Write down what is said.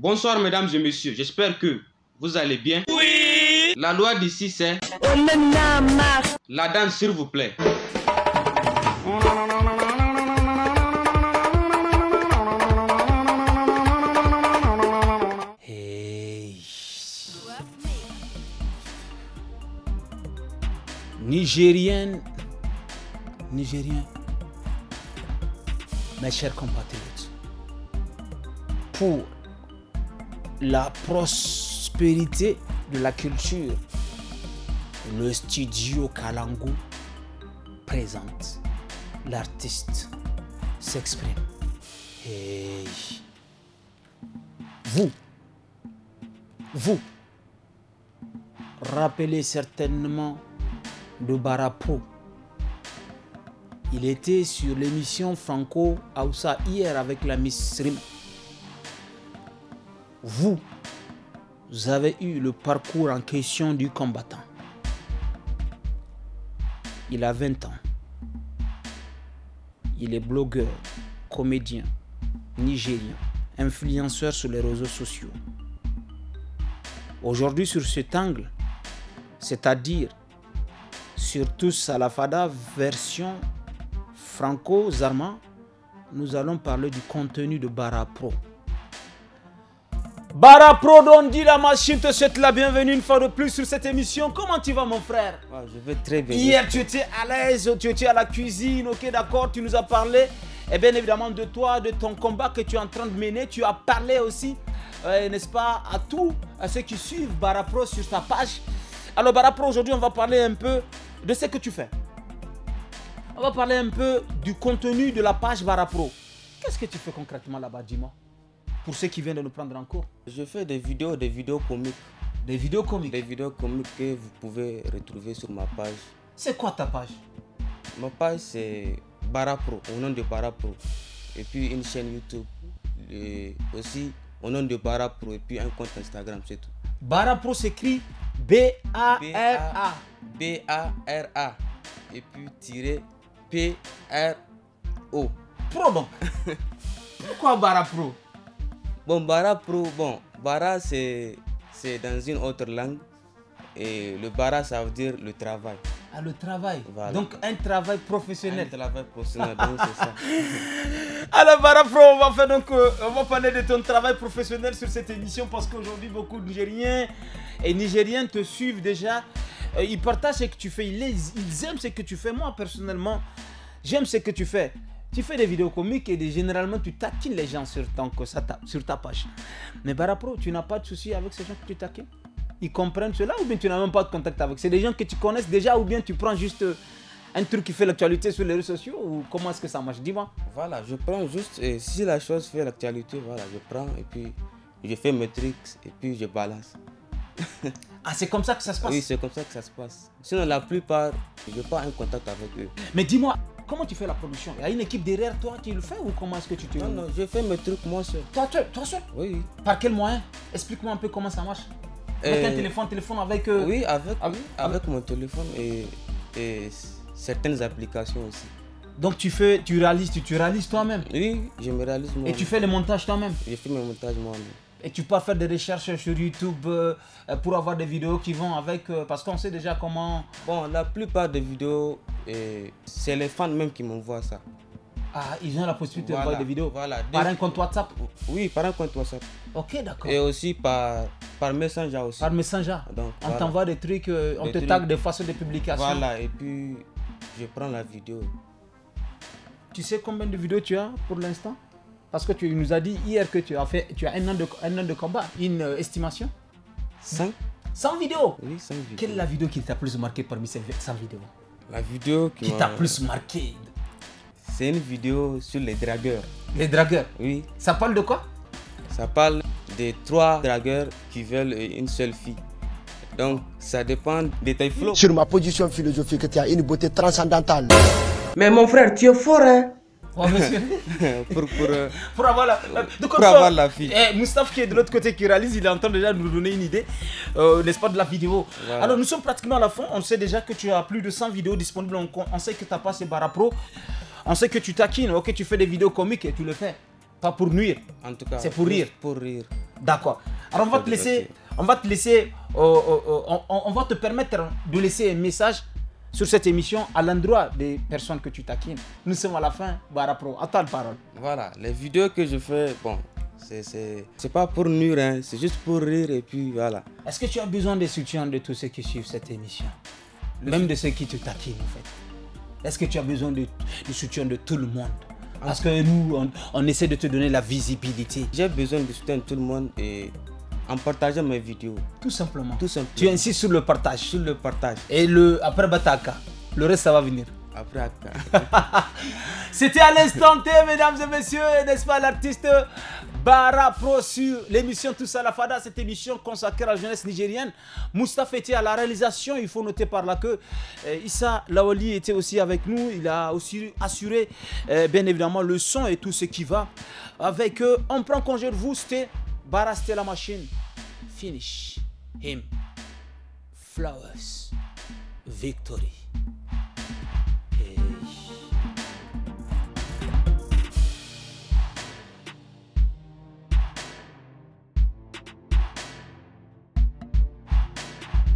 Bonsoir mesdames et messieurs, j'espère que vous allez bien. Oui La loi d'ici c'est... La danse s'il vous plaît. Hey. Nigérienne, Nigérien, mes chers compatriotes, pour la prospérité de la culture, le studio Kalangu présente. L'artiste s'exprime. Et vous, vous, rappelez certainement de Barapo, Il était sur l'émission Franco Aoussa hier avec la Miss Rim vous avez eu le parcours en question du combattant. Il a 20 ans. Il est blogueur, comédien, nigérien, influenceur sur les réseaux sociaux. Aujourd'hui, sur cet angle, c'est-à-dire sur tous Salafada version franco-zarma, nous allons parler du contenu de Barra Pro. Barapro dit la machine te souhaite la bienvenue une fois de plus sur cette émission. Comment tu vas mon frère Je vais très bien. Hier tu étais à l'aise, tu étais à la cuisine, ok d'accord, tu nous as parlé et bien évidemment de toi, de ton combat que tu es en train de mener. Tu as parlé aussi, euh, n'est-ce pas, à tous à ceux qui suivent Barapro sur sa page. Alors Barapro, aujourd'hui on va parler un peu de ce que tu fais. On va parler un peu du contenu de la page Barapro. Qu'est-ce que tu fais concrètement là-bas, dis-moi pour ceux qui viennent de nous prendre en cours Je fais des vidéos, des vidéos comiques. Des vidéos comiques Des vidéos comiques que vous pouvez retrouver sur ma page. C'est quoi ta page Ma page c'est Barapro, au nom de Barapro. Et puis une chaîne YouTube. aussi au nom de Barapro et puis un compte Instagram, c'est tout. Barapro s'écrit B-A-R-A. B-A-R-A. Et puis tirer P-R-O. Pro bon Pourquoi Barapro Bon, bara pro, Bon, bara c'est dans une autre langue. Et le bara, ça veut dire le travail. Ah, le travail. Donc, un travail professionnel. Un travail professionnel, c'est ça. Alors, pro, on va faire donc, euh, on va parler de ton travail professionnel sur cette émission parce qu'aujourd'hui, beaucoup de Nigériens et Nigériens te suivent déjà. Euh, ils partagent ce que tu fais, ils, ils aiment ce que tu fais. Moi, personnellement, j'aime ce que tu fais. Tu fais des vidéos comiques et généralement tu taquines les gens sur, ton, sur ta page. Mais par rapport, tu n'as pas de souci avec ces gens que tu taquines Ils comprennent cela ou bien tu n'as même pas de contact avec C'est des gens que tu connais déjà ou bien tu prends juste euh, un truc qui fait l'actualité sur les réseaux sociaux ou comment est-ce que ça marche Dis-moi. Voilà, je prends juste, et si la chose fait l'actualité, voilà, je prends et puis je fais mes tricks et puis je balance. ah, c'est comme ça que ça se passe Oui, c'est comme ça que ça se passe. Sinon, la plupart, je n'ai pas un contact avec eux. Mais dis-moi, Comment tu fais la production Il y a une équipe derrière toi qui le fait ou comment est-ce que tu te. Non, non, je fais mes trucs moi seul. Toi, seul oui, Par quel moyen Explique-moi un peu comment ça marche. Avec un euh, téléphone, téléphone avec. Euh, oui, avec, avec, mon téléphone et, et certaines applications aussi. Donc tu fais, tu réalises, tu, réalises toi-même. Oui, je me réalise moi-même. Et tu fais le montage toi-même. Je fais le montage moi-même et tu peux faire des recherches sur YouTube euh, pour avoir des vidéos qui vont avec, euh, parce qu'on sait déjà comment... Bon, la plupart des vidéos, c'est les fans même qui m'envoient ça. Ah, ils ont la possibilité de d'envoyer des vidéos voilà. Par un compte WhatsApp Oui, par un compte WhatsApp. Ok, d'accord. Et aussi par, par Messenger aussi. Par Messenger Donc, On t'envoie des trucs, euh, on te tag de des façons de publication. Voilà, et puis je prends la vidéo. Tu sais combien de vidéos tu as pour l'instant parce que tu nous as dit hier que tu as fait tu as un an de, an de combat, une euh, estimation 5 100 vidéos Oui, 5 vidéos. Quelle est la vidéo qui t'a plus marqué parmi ces 100 vidéos La vidéo qui, qui t'a plus marqué C'est une vidéo sur les dragueurs. Les dragueurs Oui. Ça parle de quoi Ça parle des trois dragueurs qui veulent euh, une seule fille. Donc, ça dépend des tailles flots. Sur ma position philosophique, tu as une beauté transcendantale. Mais mon frère, tu es fort, hein Euh, pour, avoir la, euh, eh, fille. qui est de l'autre côté qui réalise, il est en train déjà de nous donner une idée, euh, n'est-ce pas, de la vidéo. Alors nous sommes pratiquement à la fin. On sait déjà que tu as plus de 100 vidéos disponibles. On, sait que tu as passé pro On sait que tu taquines, ok, tu fais des vidéos comiques et tu le fais. Pas pour nuire. En tout cas. C'est pour rire. Pour rire. D'accord. Alors on va te laisser, on va te laisser, on va te permettre de laisser un message sur cette émission à l'endroit des personnes que tu taquines. Nous sommes à la fin, Barapro. À ta parole. Voilà, les vidéos que je fais, bon, c'est pas pour nuire, hein, c'est juste pour rire et puis voilà. Est-ce que tu as besoin de soutien de tous ceux qui suivent cette émission Même de ceux qui te taquinent en fait. Est-ce que tu as besoin de soutien de tout le monde ah. Parce que nous, on, on essaie de te donner la visibilité. J'ai besoin de soutien de tout le monde et en partageant mes vidéos. Tout simplement. Tout simplement. Tu insistes sur le partage. Sur le partage. Et le, après Bataka, le reste, ça va venir. Après Akka. C'était à l'instant T, mesdames et messieurs, n'est-ce pas, l'artiste Bara Pro sur l'émission Tout ça la Fada, cette émission consacrée à la jeunesse nigérienne. Moustapha était à la réalisation, il faut noter par là que euh, Issa Lawali était aussi avec nous, il a aussi assuré euh, bien évidemment le son et tout ce qui va. Avec On prend congé de vous, c'était la machine, finish him. Flowers, victory.